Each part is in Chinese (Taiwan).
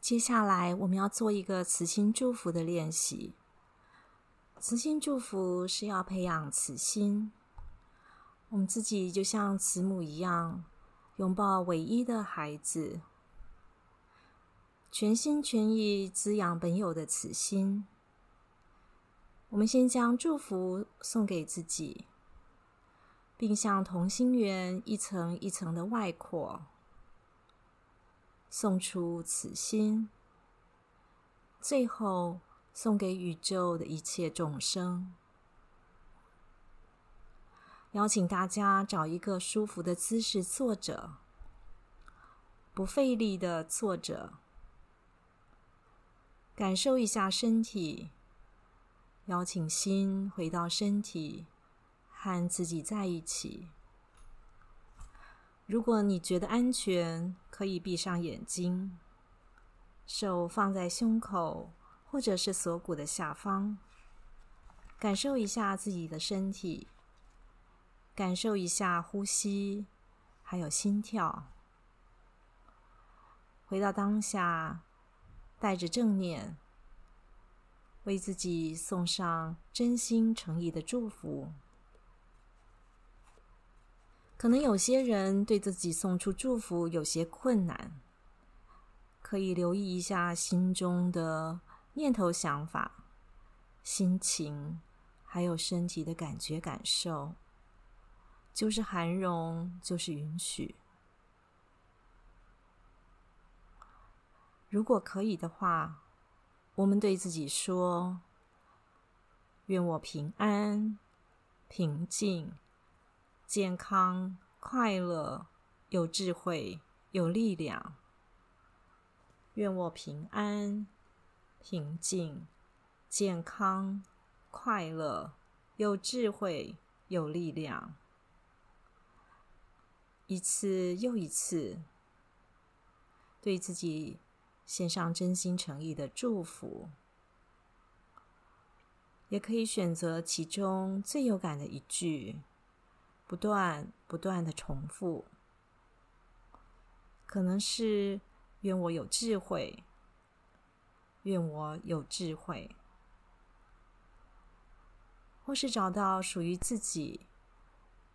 接下來我們要做一個慈心祝福的練習。慈心祝福是要培養慈心，我們自己就像慈母一樣，擁抱唯一的孩子，全心全意滋養本有的慈心。我們先將祝福送給自己，並向同心圓一層一層的外擴。送出慈心，最後送給宇宙的一切眾生。邀請大家找一個舒服的姿勢坐着，不費力的坐着，感受一下身體。邀請心回到身體，和自己在一起。如果你覺得安全，可以閉上眼睛，手放在胸口或者是鎖骨的下方，感受一下自己的身體，感受一下呼吸，還有心跳。回到當下，帶着正念，為自己送上真心誠意的祝福。可能有些人對自己送出祝福有些困難，可以留意一下心中的念頭、想法、心情，還有身體的感覺、感受，就是涵容，就是允許。如果可以的話，我們對自己說：“願我平安、平靜。”健康、快樂、有智慧、有力量。願我平安、平靜、健康、快樂、有智慧、有力量。一次又一次，對自己獻上真心誠意的祝福。也可以選擇其中最有感的一句。不斷不斷地重複，可能是願我有智慧，願我有智慧，或是找到屬於自己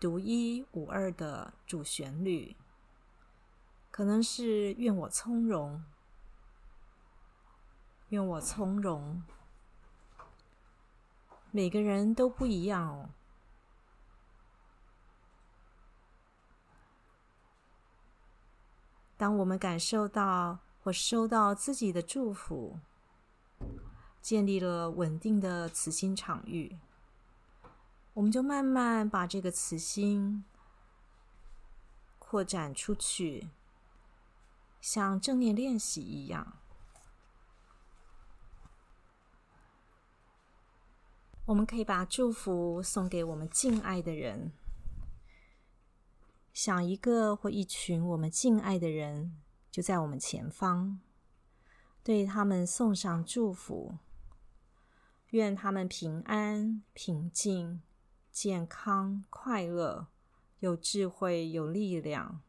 獨一無二的主旋律。可能是願我從容，願我從容。每個人都不一樣哦。當我們感受到或收到自己的祝福，建立了穩定的慈心場域，我們就慢慢把這個慈心擴展出去，像正念練習一樣，我們可以把祝福送給我們敬愛的人。想一個或一群我們敬愛的人，就在我們前方，對他們送上祝福。願他們平安、平靜、健康、快樂，有智慧、有力量。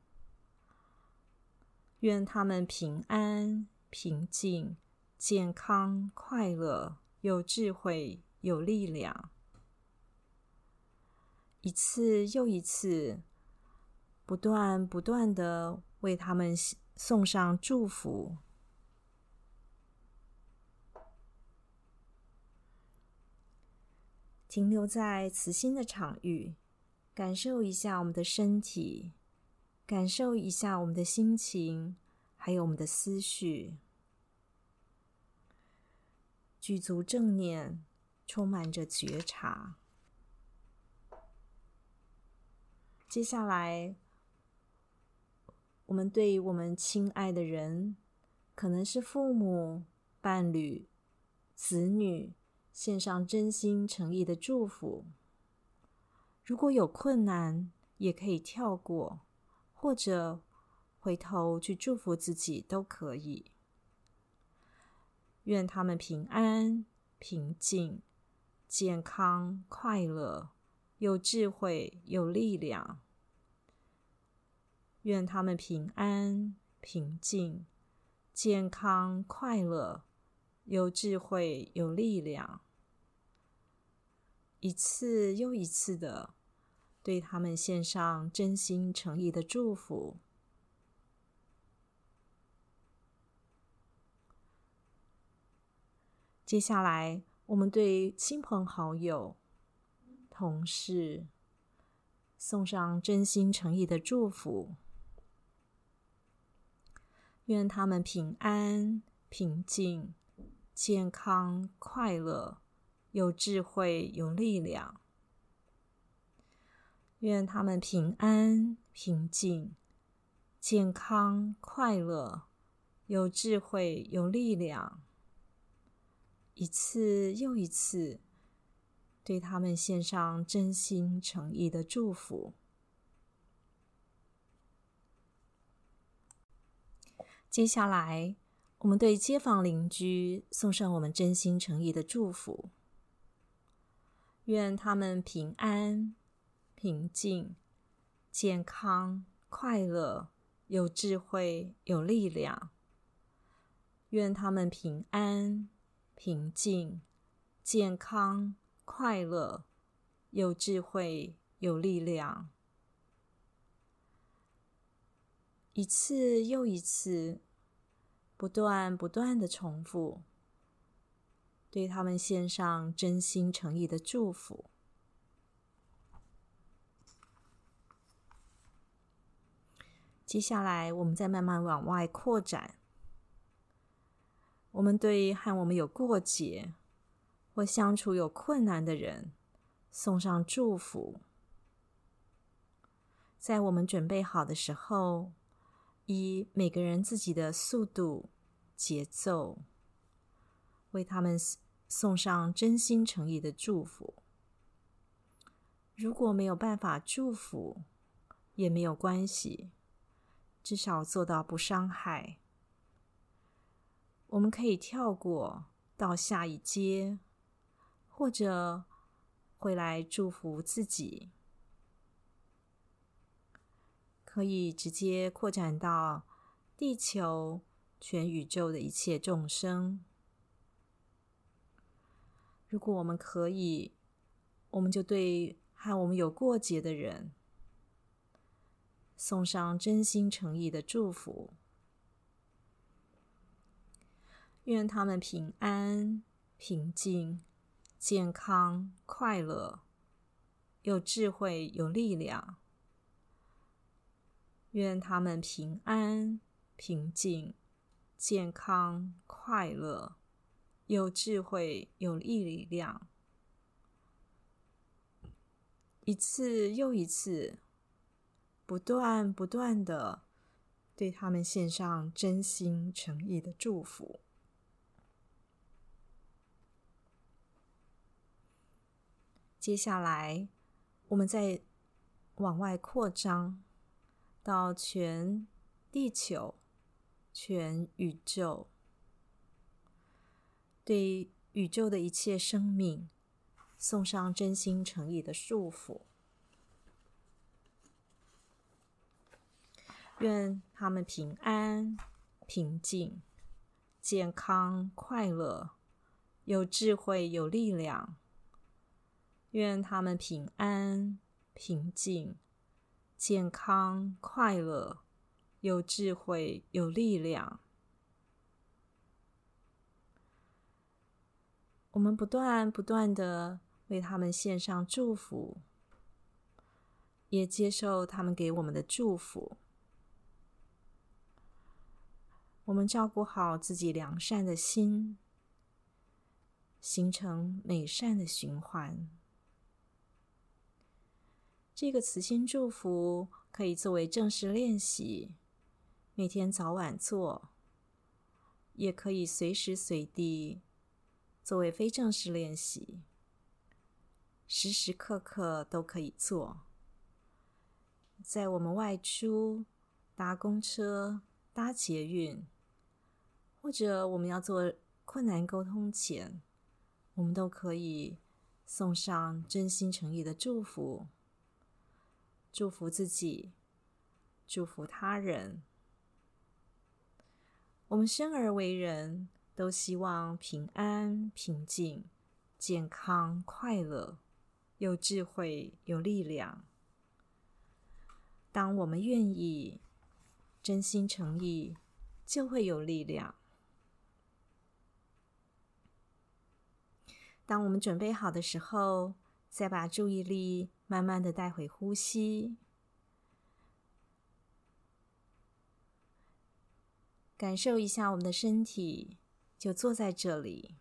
願他們平安、平靜、健康、快樂，有智慧、有力量。一次又一次。不斷不斷的為他們送上祝福，停留在慈心的場域，感受一下我們的身體，感受一下我們的心情，還有我們的思緒，具足正念，充滿着覺察。接下來。我們對於我們親愛的人，可能是父母、伴侶、子女，獻上真心誠意的祝福。如果有困難，也可以跳過，或者回頭去祝福自己都可以。願他們平安、平靜、健康、快樂，有智慧、有力量。願他們平安、平靜、健康、快樂、有智慧、有力量。一次又一次的對他們獻上真心誠意的祝福。接下來，我們對親朋好友、同事送上真心誠意的祝福。願他們平安、平靜、健康、快樂，有智慧、有力量。願他們平安、平靜、健康、快樂，有智慧、有力量。一次又一次，對他們獻上真心誠意的祝福。接下來，我們對街坊鄰居送上我們真心誠意的祝福。願他們平安、平靜、健康、快樂，有智慧、有力量。願他們平安、平靜、健康、快樂，有智慧、有力量。一次又一次，不斷不斷的重複，對他們獻上真心誠意的祝福。接下來，我們再慢慢往外擴展，我們對和我們有過節或相處有困難的人送上祝福。在我們準備好的時候。以每個人自己的速度、節奏，為他們送上真心誠意的祝福。如果沒有辦法祝福，也沒有關係，至少做到不傷害。我們可以跳過到下一階，或者回來祝福自己。可以直接擴展到地球、全宇宙的一切眾生。如果我們可以，我們就對和我們有過節的人送上真心誠意的祝福，願他們平安、平靜、健康、快樂，有智慧、有力量。願他們平安、平靜、健康、快樂，有智慧，有力量。一次又一次，不斷不斷的對他們獻上真心誠意的祝福。接下來，我們再往外擴張。到全地球、全宇宙，對宇宙的一切生命送上真心誠意的祝福。願他們平安、平靜、健康、快樂，有智慧、有力量。願他們平安、平靜。健康、快樂、有智慧、有力量。我們不斷不斷地為他們獻上祝福，也接受他們給我們的祝福。我們照顧好自己良善的心，形成美善的循環。這個慈心祝福可以作為正式練習，每天早晚做；也可以隨時隨地作為非正式練習，時時刻刻都可以做。在我們外出搭公車、搭捷運，或者我們要做困難溝通前，我們都可以送上真心誠意的祝福。祝福自己，祝福他人。我們生而為人，都希望平安、平靜、健康、快樂，有智慧、有力量。當我們願意、真心誠意，就會有力量。當我們準備好的時候，再把注意力。慢慢的帶回呼吸，感受一下我們的身體，就坐在這裡，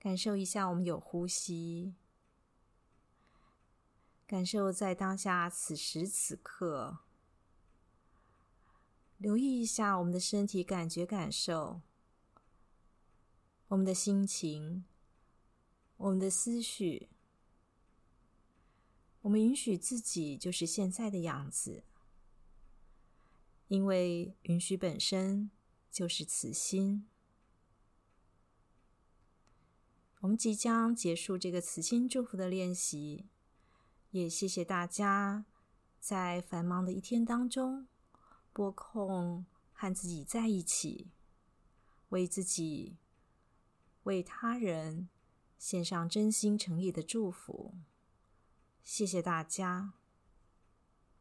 感受一下我們有呼吸，感受在當下此時此刻，留意一下我們的身體感覺、感受，我們的心情。我們的思緒，我們允許自己就是現在的樣子，因為允許本身就是慈心。我們即將結束這個慈心祝福的練習，也謝謝大家在繁忙的一天當中撥空和自己在一起，為自己，為他人。獻上真心誠意的祝福，謝謝大家。